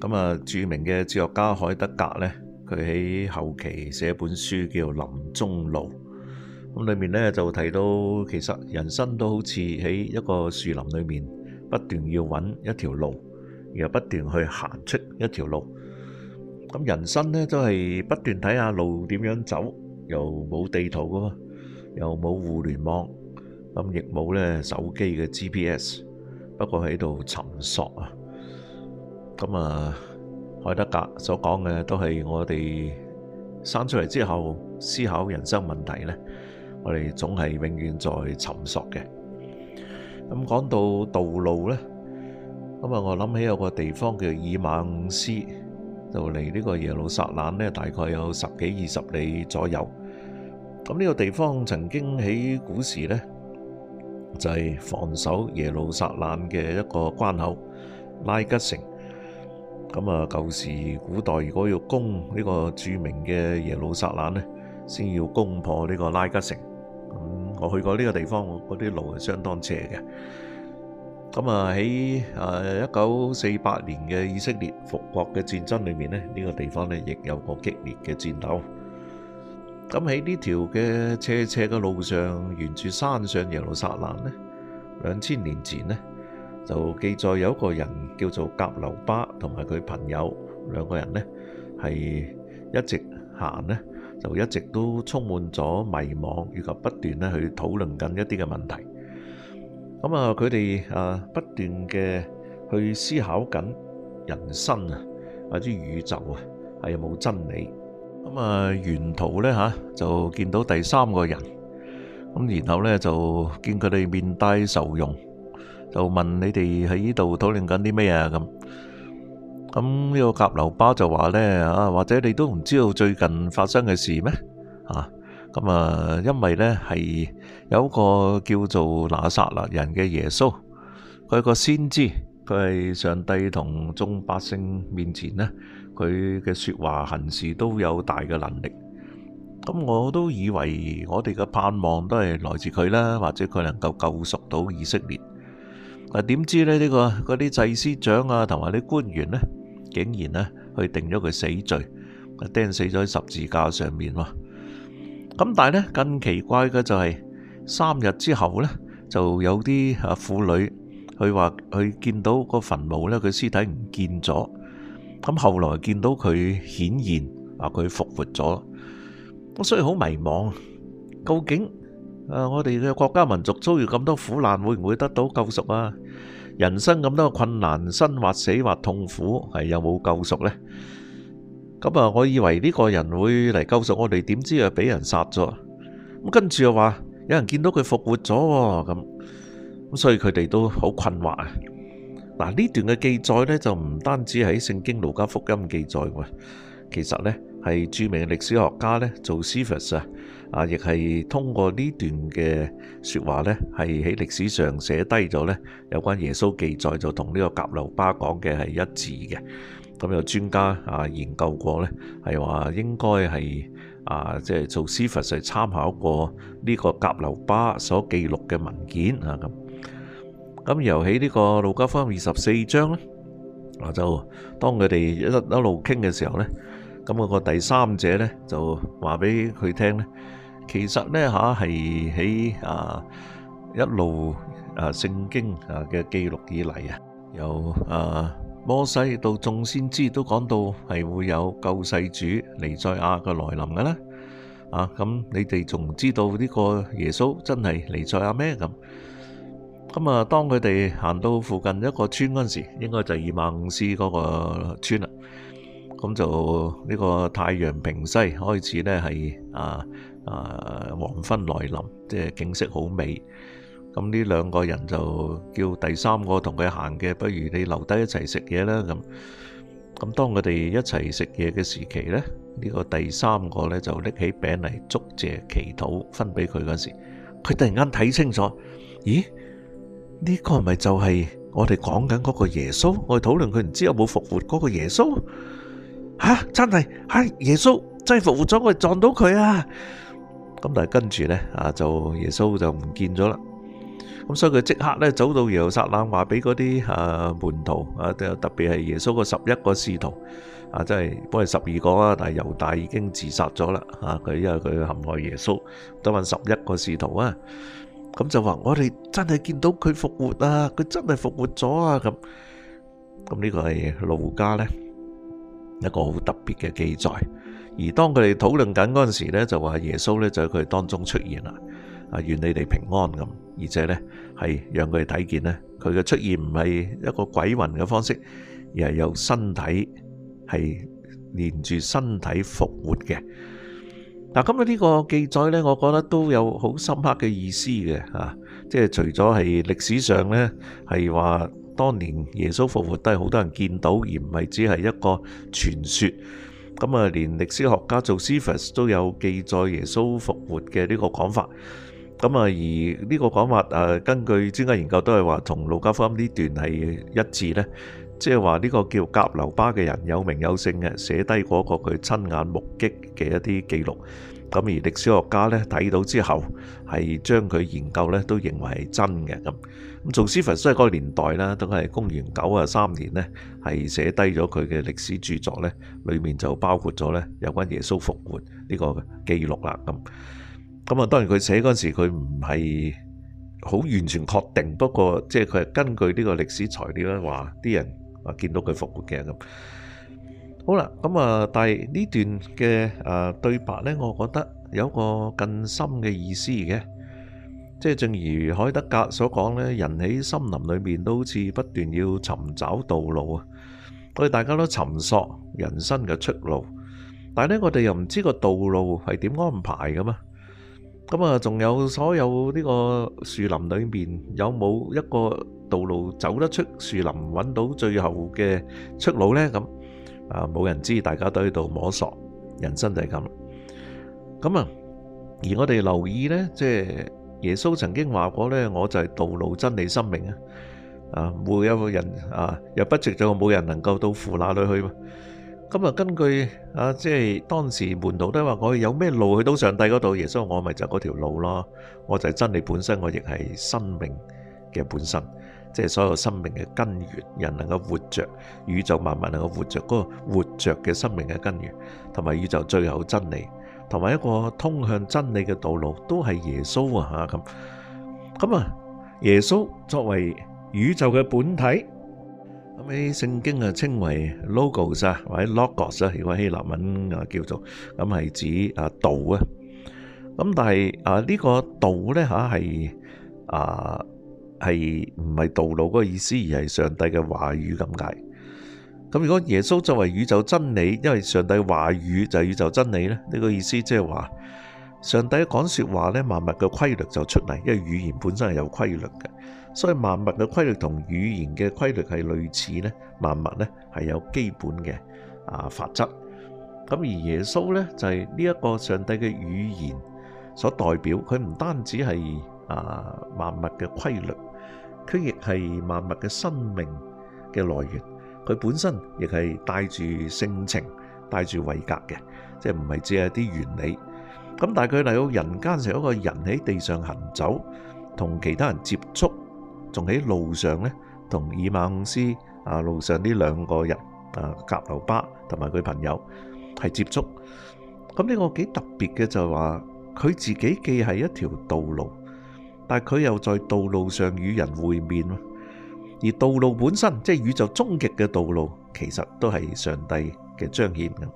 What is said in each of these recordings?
咁啊，著名嘅哲學家海德格咧，佢喺後期寫本書叫《林中路》。咁裏面咧就提到，其實人生都好似喺一個樹林裏面，不斷要揾一條路，又不斷去行出一條路。咁人生咧都係不斷睇下路點樣走，又冇地圖噶嘛，又冇互聯網，咁亦冇咧手機嘅 GPS。不過喺度尋索啊！咁啊，海德格所講嘅都係我哋生出嚟之後思考人生問題咧。我哋總係永遠在尋索嘅。咁講到道路咧，咁啊，我諗起有個地方叫以孟斯，就離呢個耶路撒冷咧，大概有十幾二十里左右。咁呢個地方曾經喺古時咧，就係防守耶路撒冷嘅一個關口，拉吉城。咁啊，舊時古代如果要攻呢個著名嘅耶路撒冷咧，先要攻破呢個拉吉城。咁我去過呢個地方，嗰啲路係相當斜嘅。咁啊，喺啊一九四八年嘅以色列復國嘅戰爭裏面咧，呢、呢個地方咧亦有個激烈嘅戰鬥。咁喺呢條嘅斜斜嘅路上，沿住山上耶路撒冷咧，兩千年前咧。就記載有一個人叫做甲流巴，同埋佢朋友兩個人呢係一直行呢就一直都充滿咗迷茫，以及不斷去討論緊一啲嘅問題。咁啊，佢哋啊不斷嘅去思考緊人生啊，或者宇宙啊，係有冇真理？咁啊，沿途呢，嚇就見到第三個人，咁然後呢，就見佢哋面帶愁容。就問你哋喺呢度討論緊啲咩啊？咁咁呢個甲流巴就話呢，啊，或者你都唔知道最近發生嘅事咩啊？咁啊，因為呢係有個叫做拿撒勒人嘅耶穌，佢係個先知，佢係上帝同眾百姓面前呢，佢嘅說話行事都有大嘅能力。咁我都以為我哋嘅盼望都係來自佢啦，或者佢能夠救贖到以色列。嗱點知咧？呢個嗰啲祭司長啊，同埋啲官員咧，竟然咧去定咗佢死罪，釘死咗喺十字架上面喎。咁但係咧，更奇怪嘅就係三日之後咧，就有啲啊婦女去話去見到個墳墓咧，佢屍體唔見咗。咁後來見到佢顯現，話佢復活咗。我所以好迷茫，究竟？啊！我哋嘅國家民族遭遇咁多苦難，會唔會得到救贖啊？人生咁多困難，生或死或痛苦，係有冇救贖咧？咁啊，我以為呢個人會嚟救贖我哋，點知又俾人殺咗。咁跟住又話，有人見到佢復活咗，咁咁，所以佢哋都好困惑啊。嗱，呢段嘅記載咧，就唔單止喺聖經《路加福音》記載，其實咧係著名歷史學家咧做史弗啊。啊，亦係通過呢段嘅説話咧，係喺歷史上寫低咗咧有關耶穌記載，就同呢個甲留巴講嘅係一致嘅。咁有專家啊研究過咧，係話應該係啊，即係做史實嚟參考過呢個甲留巴所記錄嘅文件啊咁。咁由喺呢個路加福音二十四章咧，就當佢哋一一路傾嘅時候咧。咁我個第三者咧就話俾佢聽咧，其實咧嚇係喺啊一路啊聖經啊嘅記錄以嚟啊，由啊摩西到眾先知都講到係會有救世主彌賽亞嘅來臨嘅啦。啊，咁你哋仲知道呢個耶穌真係彌賽亞咩？咁咁啊，當佢哋行到附近一個村嗰陣時，應該就係以馬忤斯嗰個村啦。咁就呢個太陽平西開始咧，係啊啊黃昏來臨，即係景色好美。咁呢兩個人就叫第三個同佢行嘅，不如你留低一齊食嘢啦。咁咁當佢哋一齊食嘢嘅時期咧，呢個第三個咧就拎起餅嚟祝謝祈禱分俾佢嗰時，佢突然間睇清楚，咦？呢個係咪就係我哋講緊嗰個耶穌？我哋討論佢唔知有冇復活嗰個耶穌？吓，真係，係耶穌真係復活咗，我撞到佢啊！咁但係跟住咧啊，就耶穌就唔見咗啦。咁所以佢即刻咧走到耶路撒冷，話俾嗰啲啊門徒啊，特別係耶穌個十一個使徒啊，真係，不過十二個啊，但係猶大已經自殺咗啦。啊，佢因為佢陷害耶穌，得返十一個使徒啊，咁就話我哋真係見到佢復活啊，佢真係復活咗啊！咁咁呢個係路加咧。一個好特別嘅記載，而當佢哋討論緊嗰陣時咧，就話耶穌咧就喺佢哋當中出現啦，啊願你哋平安咁，而且咧係讓佢哋睇見咧，佢嘅出現唔係一個鬼魂嘅方式，而係有身體係連住身體復活嘅。嗱，咁啊呢個記載咧，我覺得都有好深刻嘅意思嘅，吓，即係除咗係歷史上咧係話。當年耶穌復活都係好多人見到，而唔係只係一個傳說。咁啊，連歷史學家約瑟夫斯都有記載耶穌復活嘅呢個講法。咁啊，而呢個講法誒，根據專家研究都係話同路加福音呢段係一致咧，即係話呢個叫革流巴嘅人有名有姓嘅，寫低嗰個佢親眼目擊嘅一啲記錄。咁而歷史學家咧睇到之後，係將佢研究咧都認為係真嘅咁。咁從史佛斯喺嗰個年代啦，都係公元九十三年咧，係寫低咗佢嘅歷史著作咧，裏面就包括咗咧有關耶穌復活呢個記錄啦。咁咁啊，當然佢寫嗰陣時佢唔係好完全確定，不過即係佢係根據呢個歷史材料咧，話啲人話見到佢復活嘅咁。好啦，咁啊，第呢段嘅誒對白咧，我覺得有個更深嘅意思嘅，即係正如海德格所講咧，人喺森林裏面都好似不斷要尋找道路啊。我哋大家都尋索人生嘅出路，但係咧，我哋又唔知個道路係點安排噶嘛？咁啊，仲有所有呢個樹林裏面有冇一個道路走得出樹林，揾到最後嘅出路咧？咁。啊！冇人知道，大家都喺度摸索，人生就係咁。咁啊，而我哋留意呢，即係耶穌曾經話過呢：「我就係道路、真理、生命啊！」啊，每一個人啊，又不值咗，冇人能夠到父那裏去。咁啊，根據啊，即係當時門徒都話，我有咩路去到上帝嗰度？耶穌我咪就嗰條路咯，我就係真理本身，我亦係生命嘅本身。即係所有生命嘅根源，人能夠活着，宇宙萬物能夠活着，嗰個活着嘅生命嘅根源，同埋宇宙最後真理，同埋一個通向真理嘅道路，都係耶穌啊！吓咁，咁啊，耶穌作為宇宙嘅本體，咁喺聖經啊稱為 logos 啊，或者 logos 啊，如果希臘文啊叫做，咁係指啊道啊，咁但係啊呢個道咧吓係啊。係唔係道路嗰個意思，而係上帝嘅話語咁解。咁如果耶穌作為宇宙真理，因為上帝話語就係宇宙真理咧，呢個意思即係話上帝講說話咧，萬物嘅規律就出嚟，因為語言本身係有規律嘅，所以萬物嘅規律同語言嘅規律係類似咧。萬物咧係有基本嘅啊法則。咁而耶穌咧就係呢一個上帝嘅語言所代表，佢唔單止係。啊！萬物嘅規律，佢亦係萬物嘅生命嘅來源。佢本身亦係帶住性情，帶住位格嘅，即係唔係只係啲原理。咁但係佢嚟到人間成一個人喺地上行走，同其他人接觸，仲喺路上呢，同以馬忤斯啊路上呢兩個人啊，革流巴同埋佢朋友係接觸。咁呢個幾特別嘅就係話，佢自己既係一條道路。但係佢又在道路上與人會面咯，而道路本身即係宇宙終極嘅道路，其實都係上帝嘅彰顯咁。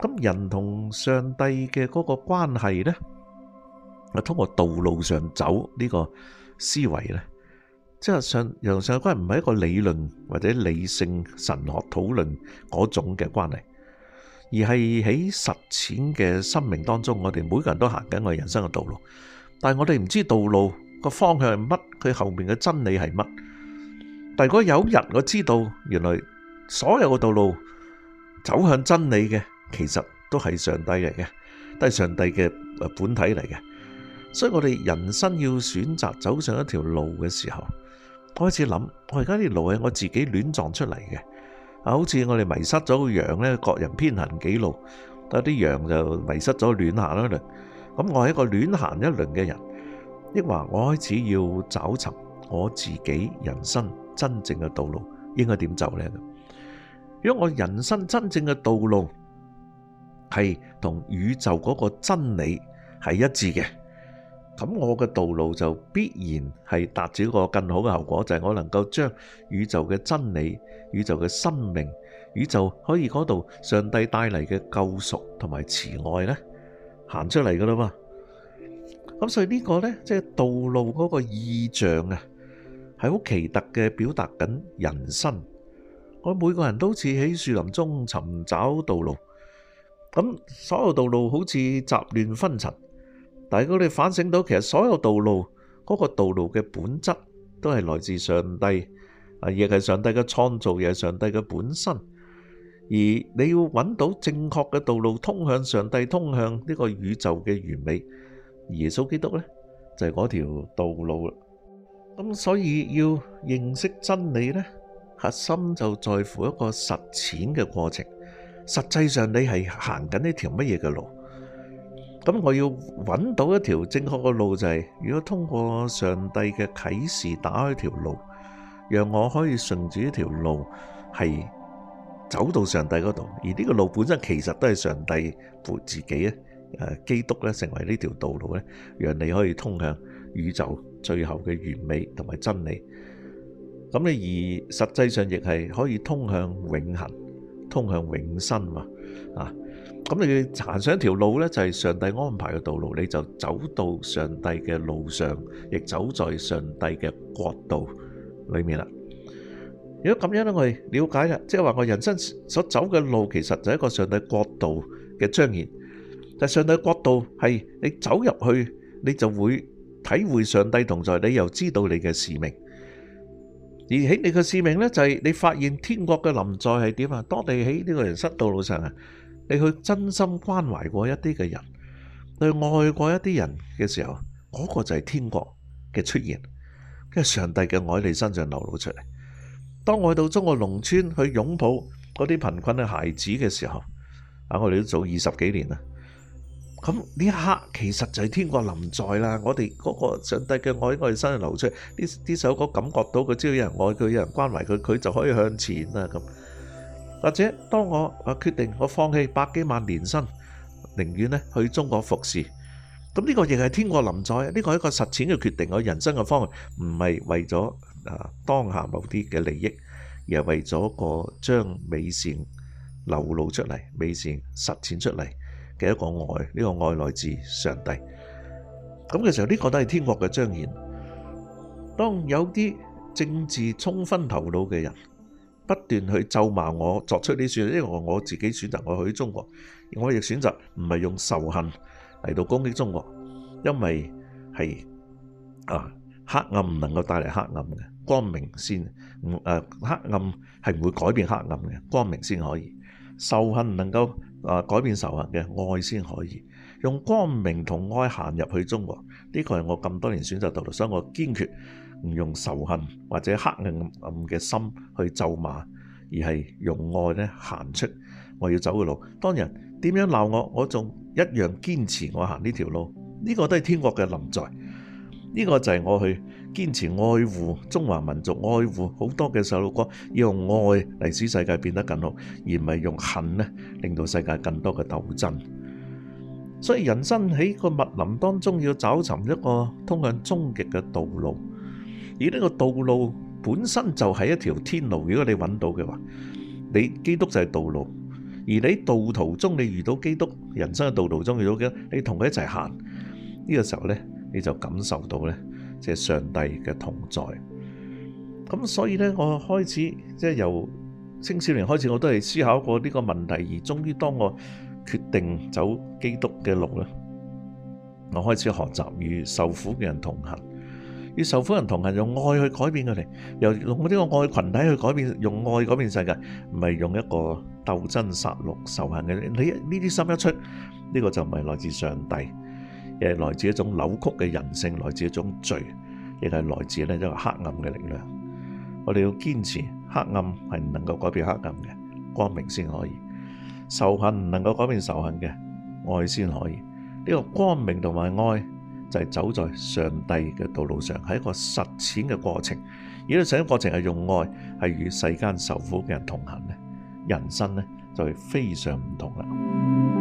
咁人同上帝嘅嗰個關係咧，係通過道路上走呢個思維咧，即係上人同上帝關係唔係一個理論或者理性神學討論嗰種嘅關係，而係喺實踐嘅生命當中，我哋每個人都行緊我哋人生嘅道路。但係我哋唔知道路個方向係乜，佢後面嘅真理係乜。但係如果有日我知道，原來所有嘅道路走向真理嘅，其實都係上帝嚟嘅，都係上帝嘅誒本體嚟嘅。所以我哋人生要選擇走上一條路嘅時候，我開始諗，我而家呢條路係我自己亂撞出嚟嘅，啊，好似我哋迷失咗個羊咧，各人偏行己路，但啲羊就迷失咗亂行啦。咁我係一個亂行一輪嘅人，亦或，我開始要找尋我自己人生真正嘅道路應該點走呢？如果我人生真正嘅道路係同宇宙嗰個真理係一致嘅，咁我嘅道路就必然係達至一個更好嘅效果，就係、是、我能夠將宇宙嘅真理、宇宙嘅生命、宇宙可以嗰度上帝帶嚟嘅救贖同埋慈愛呢。彈出嚟噶啦嘛，咁所以呢個咧，即係道路嗰個意象啊，係好奇特嘅表達緊人生。我哋每個人都好似喺樹林中尋找道路，咁所有道路好似雜亂紛陳，但係我哋反省到，其實所有道路嗰個道路嘅本質都係來自上帝啊，亦係上帝嘅創造，亦係上帝嘅本身。而你要揾到正確嘅道路，通向上帝，通向呢個宇宙嘅完美，耶穌基督呢就係嗰條道路啦。咁所以要認識真理呢，核心就在乎一個實踐嘅過程。實際上你係行緊呢條乜嘢嘅路？咁我要揾到一條正確嘅路，就係如果通過上帝嘅啟示打開條路，讓我可以順住呢條路係。走到上帝嗰度，而呢個路本身其實都係上帝陪自己咧，誒基督咧，成為呢條道路咧，讓你可以通向宇宙最後嘅完美同埋真理。咁你而實際上亦係可以通向永恆，通向永生嘛。啊，咁你行上條路咧，就係上帝安排嘅道路，你就走到上帝嘅路上，亦走在上帝嘅國度裏面啦。如果咁樣咧，我哋了解啦，即係話我人生所走嘅路，其實就係一個上帝國度嘅彰顯。但係上帝國度係你走入去，你就會體會上帝同在，你又知道你嘅使命。而喺你嘅使命咧，就係你發現天國嘅臨在係點啊。當你喺呢個人生道路上啊，你去真心關懷過一啲嘅人，對愛過一啲人嘅時候，嗰個就係天國嘅出現，跟上帝嘅愛喺你身上流露出嚟。.當我去到中國農村去擁抱嗰啲貧困嘅孩子嘅時候，啊，我哋都做二十幾年啦。咁呢一刻其實就係天國臨在啦。我哋嗰個上帝嘅愛，喺我哋身上流出呢呢首歌感覺到佢，只要有人愛佢，有人關懷佢，佢就可以向前啦。咁或者當我啊決定我放棄百幾萬年薪，寧願咧去中國服侍，咁呢個亦係天國臨在。呢個係一個實踐嘅決定，我人生嘅方向唔係為咗。啊！當下某啲嘅利益，而為咗個將美善流露出嚟、美善實踐出嚟嘅一個愛，呢個愛來自上帝。咁嘅時候，呢個都係天國嘅彰顯。當有啲政治衝昏頭腦嘅人不斷去咒罵我，作出呢啲選擇，因為我自己選擇我去中國，我亦選擇唔係用仇恨嚟到攻擊中國，因為係啊。黑暗唔能夠帶嚟黑暗嘅，光明先。唔誒，黑暗係唔會改變黑暗嘅，光明先可以。仇恨唔能夠誒改變仇恨嘅，愛先可以。用光明同愛行入去中國，呢個係我咁多年選擇道路，所以我堅決唔用仇恨或者黑暗暗嘅心去咒罵，而係用愛咧行出我要走嘅路。當然點樣鬧我，我仲一樣堅持我行呢條路。呢個都係天國嘅臨在。呢個就係我去堅持愛護中華民族，愛護好多嘅受苦國，要用愛嚟使世界變得更好，而唔係用恨咧令到世界更多嘅鬥爭。所以人生喺個密林當中要找尋一個通向終極嘅道路，而呢個道路本身就係一條天路。如果你揾到嘅話，你基督就係道路，而你喺道途中你遇到基督，人生嘅道路中遇到基督，你同佢一齊行。呢個時候咧。你就感受到咧，即係上帝嘅同在。咁所以咧，我開始即係由青少年開始，我都係思考過呢個問題。而終於當我決定走基督嘅路咧，我開始學習與受苦嘅人同行，與受苦嘅人同行，用愛去改變佢哋，由用呢個愛群體去改變，用愛改變世界，唔係用一個鬥爭殺戮仇恨嘅。你呢啲心一出，呢個就唔係來自上帝。亦係來自一種扭曲嘅人性，來自一種罪，亦係來自咧一個黑暗嘅力量。我哋要堅持黑暗係唔能夠改變黑暗嘅，光明先可以。仇恨唔能夠改變仇恨嘅，愛先可以。呢個光明同埋愛就係走在上帝嘅道路上，係一個實踐嘅過程。而呢個實踐過程係用愛係與世間受苦嘅人同行咧，人生咧就會非常唔同啦。